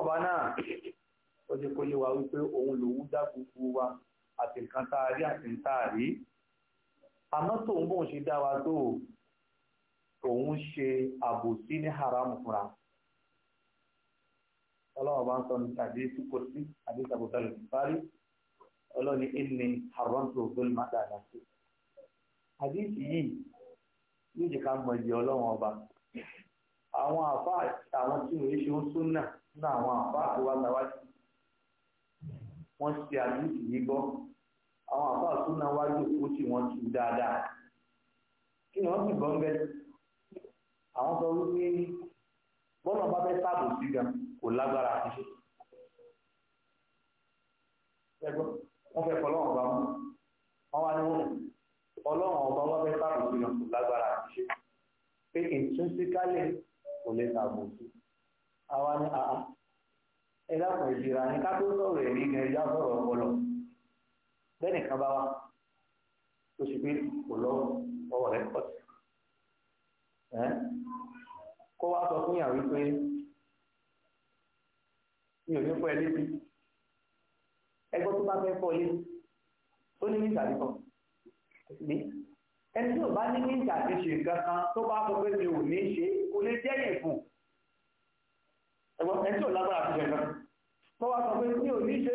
ọba náà ó ti kó yé wa wípé òun lòun dá gbogbo wa àti nǹkan tá a rí àti nǹkan tá a rí àmọ́ tóun bóun ṣe dá wa tó òun ṣe àbòsí ní haram fúnra ọlọ́run bá ń sọ ní tàbí kò sí àbí sàbòtà lè parí ọlọ́ni ìní haram tó gbólú má dáadáa sí àdéhùn yìí yóò jẹ́ mọ̀ ọlọ́run ọba àwọn àfá àwọn tí wọ́n ṣe ń súnà ní àwọn àfá wọ́n ṣe àdúgbò yìí àwọn àfá súnà wájú ó sì wọ́n tú dáadáa kí wọ́n sì gbọ́n àwọn sọ wípé bọ́lá bá fẹ́ sáàbò sí gan kò lágbára wọ́n fẹ́ wá ní ọlọ́run pé ìtúnṣíkálẹ̀ kò lè tàbò sí àwa ní àá ẹ dákun ìjìra ní ká tó sọ̀rọ̀ ẹ̀mí ní ẹja sọ̀rọ̀ ọpọlọ bẹ́ẹ̀ni kan bá wa tó sì pé kò lọ́wọ́ ọwọ́ rẹ̀ pọ̀ sí kó wá sọ fún yàrá wípé mi ò ní fọ ẹ lébi ẹgbọ́n tó bá fẹ́ fọ yé tó ní ní ìdàdí kan ní ẹni tí ò bá ní níjà ti ṣe nǹkan kan tó bá sọ pé mi ò ní ṣe kò lè jẹ́ yẹn fún ẹni tí ò lágbára ti ṣe nǹkan tó bá sọ pé mi ò ní ṣe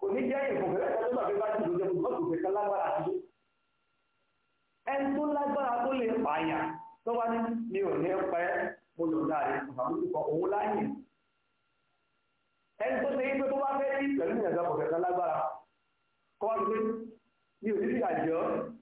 kò ní jẹ́ yẹn fún fẹ́rẹ́ kan tó bá fẹ́ bá ti lòjẹ́ fún mọ́tò fẹ́ kan lágbára ti ṣe ẹni tó lágbára tó lè pààyàn tó bá ní mi ò ní pẹ́ mo lò dáre ìfàmójúkọ òun láyè ẹni tó ṣe yí pé tó bá fẹ́ rí pẹ̀lú ìyàgbá kò lágbára kọ́ ọ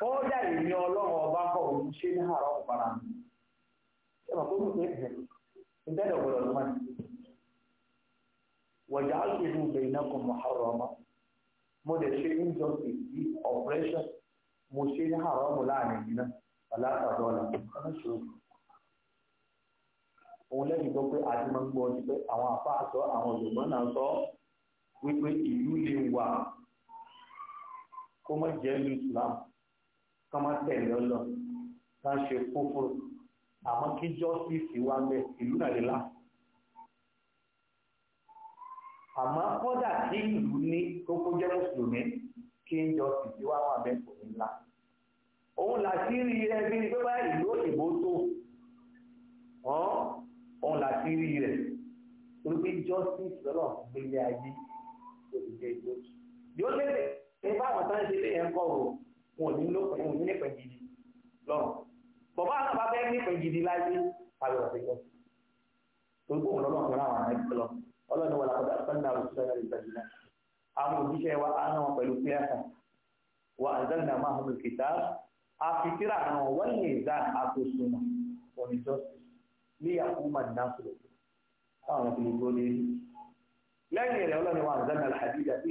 kọ́dà ìní ọlọ́run ọba kọ̀ òun ṣe ní àárọ̀ ọ̀pára ṣe mọ̀ kó gbogbo ẹ̀sẹ̀ ìbẹ̀rẹ̀ ọ̀gbọ̀dọ̀ ló máa ń wọ̀jà áṣèlú ìbẹ̀rẹ̀ náà kọ̀ mọ̀ àárọ̀ ọmọ mo dẹ̀ ṣe injustice bí operation mo ṣe ní àárọ̀ ọmọ láàrin náà ọ̀la kán má tẹ̀lé ọlọ́ ká ń ṣe kúfúrú àmọ́ kí justice wá bẹ̀ ìlú náà lè lá àmọ́ kọ́dà kí ìlú ní kókó jẹ́ mùsùlùmí kí ń justice wá wà bẹ́ẹ̀ kò ní lá òun làtí rí ẹbí ní pé bá ìlú òyìnbó tó òun láti rí rẹ̀ torí pé justice lọ́nà gbélé ayé olùdíje yóò yóò lè ní báwọn tán ṣe lè yẹn kọ́ o wọn ò ní lópin wọn ò ní nípìn gidi lọ́rùn bọ̀bá àwọn bá fẹ́ nípìn gidi láyé ayọ̀ àti jọ torí pé òun lọ́nà ọ̀gbìn àwọn àmì lọ ọlọ́run wà lápá sọ́nà òṣìṣẹ́ rẹ̀ ìgbàjú náà àwọn òṣìṣẹ́ wa á náà wọn pẹ̀lú pé ẹ̀sán wà àǹdánù àmọ́ àwọn olùkìtà á fi tíra àwọn wọ́n lè dá àtòsùnmọ̀ òní justice ní àkúmà náà sọ̀rọ̀ àwọn ọmọ ìgbòho lẹ́yìn rẹ̀ ọlọ́run wà àǹdánù àlàdíjà sí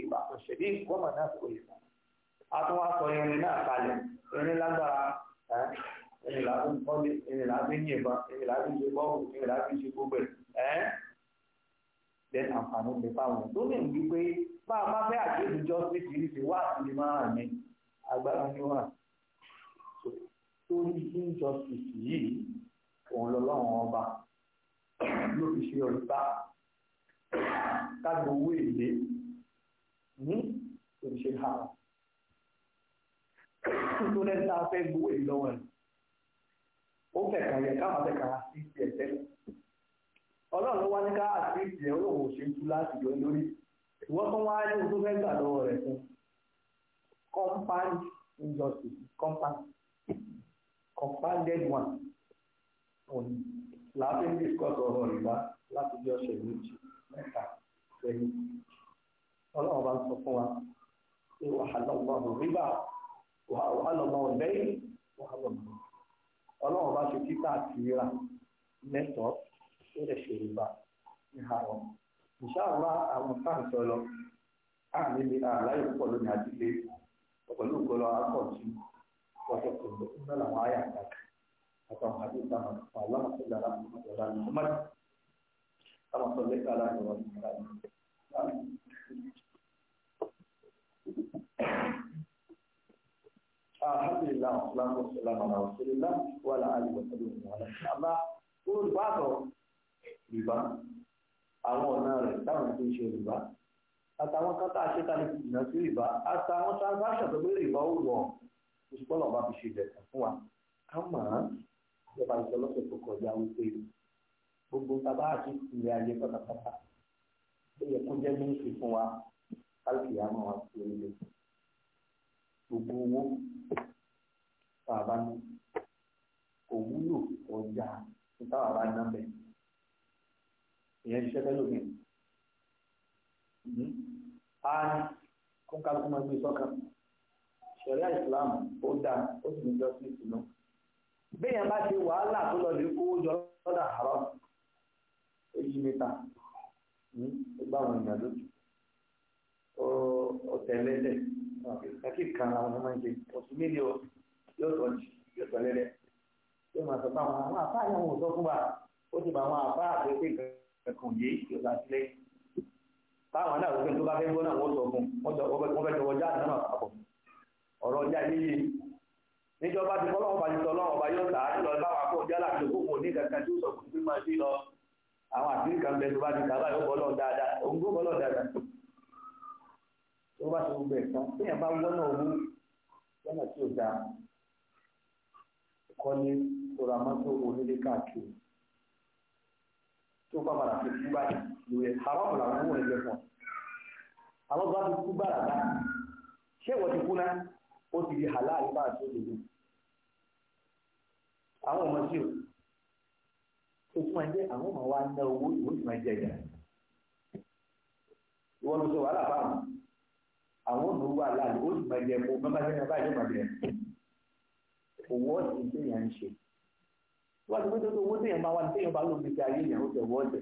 a tún wá sọ irin náà kalẹ̀ irin lágbára irin làbí kọ́lé irin làbí yìnbọn irin làbí ṣe bọ́ọ̀lù irin làbí ṣe gbogbo ẹ̀ then àǹfààní lè fáwọn tó lè wí pé bá a bá fẹ́ àkéèdù jọ sí ìrísí wá àtìlè máa hàn ní agbára ní wà torí injustice yìí òun lọ́lọ́run ọba ló fi ṣe ọ̀rùbá kágbó owó èlé ní òṣèlú àwọn kù tó lẹ́nu tá a fẹ́ gbowó nke lọ́wọ́ rẹ̀ ó fẹ̀ka yẹ sí ti ẹ̀tẹ́ ọlọ́run ló wá ní ká àti ìjẹ́ olóhùn òṣèlú tú láti yọ lórí ìwọ́n tó wá ní ohun tó lọ́wọ́ rẹ̀ fún compound injustice compound compounded one òní láti ọ̀rọ̀ ìgbà láti bí ọ̀sẹ̀ méjì mẹ́ta sẹ́yìn ọlọ́run bá wà á lọ́mọ lẹ́yìn wà á lọ́mọ. ọlọ́run bá ṣe títà àti rírà mẹ́tọ́ ó lè ṣe ìgbà níhà wọn. ìṣàlá àwọn fáǹsọ lọ àláyé púpọ̀ lónìí àdílé ògbọ́lọ́ ń àgbàkà àwọn àlọ́mọ tó dára àwọn alhamdulillah wassalatu wassalamu ala rasulillah wa ala alihi wa sahbihi wa ala sábà olùbáàtọ̀ rìbá àwọn ọ̀nà rẹ̀ táwọn tó ń ṣe rìbá àtàwọn kátà àṣetàlẹ̀ ìdìnnà sí rìbá àtàwọn transaction tó gbé rìbá ó wọ̀ òṣùpọ̀lọ̀ bá fi ṣe ìdẹ̀kùn fún wa ká mọ̀ án ìjọba ìṣọlọ́sẹ̀ tó kọjá wípé gbogbo tábà àti ìrìn ayé pátápátá ó yẹ kó jẹ́ mínísì fún wa kálukì àmọ́ wa orílẹ̀ gbogbo owó tá a bá ní kò wúlò ọjà ní táwa bá ná bẹ ìyẹn ṣiṣẹ́ fẹ́ lómi hmm. a ní kó kálukú máa gbé sọ́kàn ṣẹ̀ríà Islam ó dáa ó sì ní justice náà béèyàn bá ṣe wàhálà tó lọ lè kówó jọ lọ́dà àárọ̀ èyí mẹ́ta ní ẹgbẹ́ àwọn èèyàn lójú ọ̀tẹ̀lẹ́dẹ̀ kàkí kan àwọn ọmọ ẹ̀jẹ̀ ọ̀sùn mílíọ̀nù. yóò tọ́ jì yóò tọ́ lẹ́lẹ́ yóò máa sọ pé àwọn àwọn àfáà yẹn wọn sọ fún wa ó ti bá àwọn àfáà pé kankan yé yóò bá sílẹ̀ táwọn náà tó bá fẹ́ gbọ́ wọ́n sọ fún fẹ́ ọ̀rọ̀ ọjà yíyí níjọba ti ti sọ ọba yóò tà á ọjà láti òní kọ́lé tora mọ́tò onílé káàkiri tó pàpàrà fi kú báyìí lóye haram làwọn ohun ẹgbẹ́ fún ọ àwọn bá fi kú bára dá ṣé ìwọ ti kú náà ó ti di halal bá àti òdòdó àwọn ọmọ sí o tó tún ẹgbẹ́ àwọn ọmọ wa ná owó ìwé ìwé ìjẹ ìjà ìwọ ló sọ wàhálà báwọn àwọn ọmọ wa láàyè ó sì máa jẹ kó bá bá jẹ kó bá jẹ kó wọ́ọ̀dì téèyàn ń ṣe wọ́n ti pété owó téèyàn bá wà ní téèyàn bá lò ní ayé yẹn ó jẹ wọ́ọ̀dì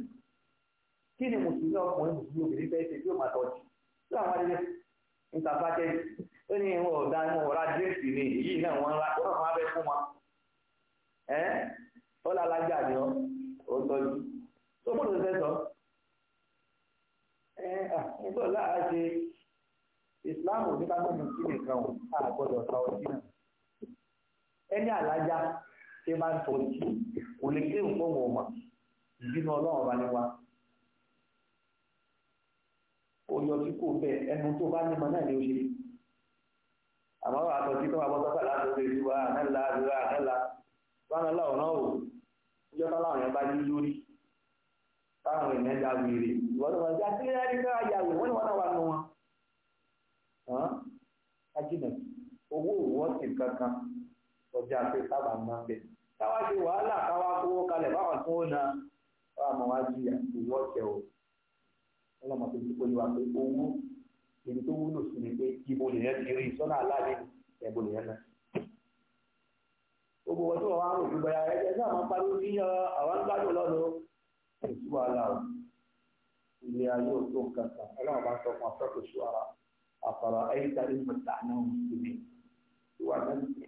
kí ni mùsùlùmí ọkùnrin mùsùlùmí obìnrin fẹ́ ṣe tí ó máa tọ́jú tí àwọn adé ìtàfàjẹ́ ó ní ìwọ̀n ọ̀dà ìwọ̀n ọ̀rá dírẹ́sì ni èyí náà wọ́n ra wọ́n máa fẹ́ fún wọn ẹ́ ó lálájà ni ó ó tọ́jú tó gbọ́dọ̀ fẹ́ sọ ẹ́ ẹ̀ ń bọ̀ láàá ṣe ìsìláàmù ní ká ẹni àlájá tí bá ń tọ́ ìtì kò lè ké nǹkan wọ̀ mà ìbínú ọlọ́run bá ní wa oyọ tí kò bẹ ẹnu tó bá ní ma náà ni ó ṣe àmọ́ àtọ̀ tí tó wà bọ́ sọ́kà láti ṣe ìtura àmẹ́la àdúrà àmẹ́la báwọn ọlọ́run náà wò ìjọba láwọn yẹn bá yí lórí báwọn èèyàn ya wèrè ìwọ́n náà wọ́n ti àti ẹni náà ya wọ́n ní wọ́n náà wà nù kọjá pé sábà máa ń bẹ̀. táwa ṣe wàhálà káwa kówó kalẹ̀ báwọn tó ń na báwa máa wá jí ìwọ́ ọ̀tẹ̀ o ọlọ́mọ tó ti kó ní wa pé owó èyí tó wúlò sí ni pé ibo lèyàn ti rí sọ́nà aláàlẹ́ ẹ̀bù lèyàn náà. gbogbo wọn tó wà wá rò gbogbo ara rẹ ẹgbẹ́ àwọn pariwo sí àwọn gbádùn lọ́dọ̀ èsì wàhálà o ilé ayé ò tó nǹkan kan ọlọ́run bá ń sọ fún afẹ́kọ̀ọ́ sí wa àfàrà ẹ̀yìn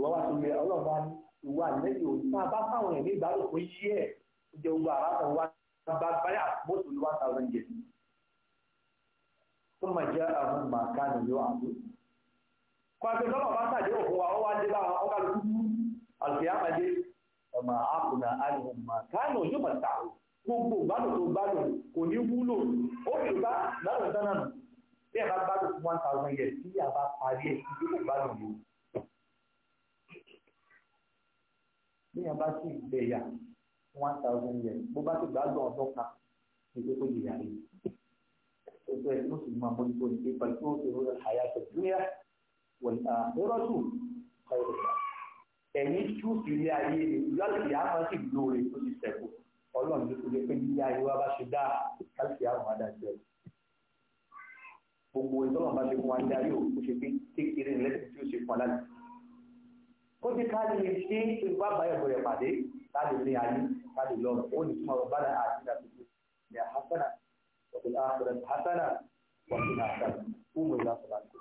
ìwọ wá sí ilé ọlọ́run bá ìwà lẹ́yìn òní máa bá fáwọn ẹ̀mí ìgbàlù fún yí ẹ̀ jẹ ogun àbáfọ̀ wá bá báyà mọ́tò ní one thousand yẹn tó máa jẹ́ àwọn màkà nìyó àbú. kọ́ńtà lọ́wọ́ bá tàdé òfin wa ó wá dé bá ọkọ̀ lùkú àlùfíàmàdé ọmọ àkùnà àìmọ̀ màkà nìyó yóò máa tà gbogbo gbádùn tó gbádùn kò ní wúlò ó bí yẹn bá sì gbẹ̀yà one thousand years bó bá ti gbàgbọ́ ọ̀dọ́ kan ní pé kó jìyà rí ètò ẹ̀ ló sì máa mójútó ní pé pẹ̀lú tó ṣòro àyà tó dúnyà wọ̀n àbúrọ́tù ọ̀rọ̀ ẹ̀yìn túùsì ilé ayé ni lọ́ọ̀kì àmọ́ sì lóore tó ti sẹ̀kù ọlọ́run ló ti lè pé nílé ayé wa bá ṣe dá lọ́ọ̀kì àmọ́ adájọ́ ẹ̀ gbogbo ìtọ́lọ̀ bá ṣe fún wa ní ayé òkú ṣe pé kékeré lẹ́sìn tí ó ṣe fún aláàbò jẹ́ ká lè ṣe ìgbà báyọ̀ bẹ̀rẹ̀ pàdé láti ní ayé láti lọ ó ní túmọ̀ bá náà àti ìdàgbé ní hasana wàtí hasana wàtí hasana fún mi lásán láti.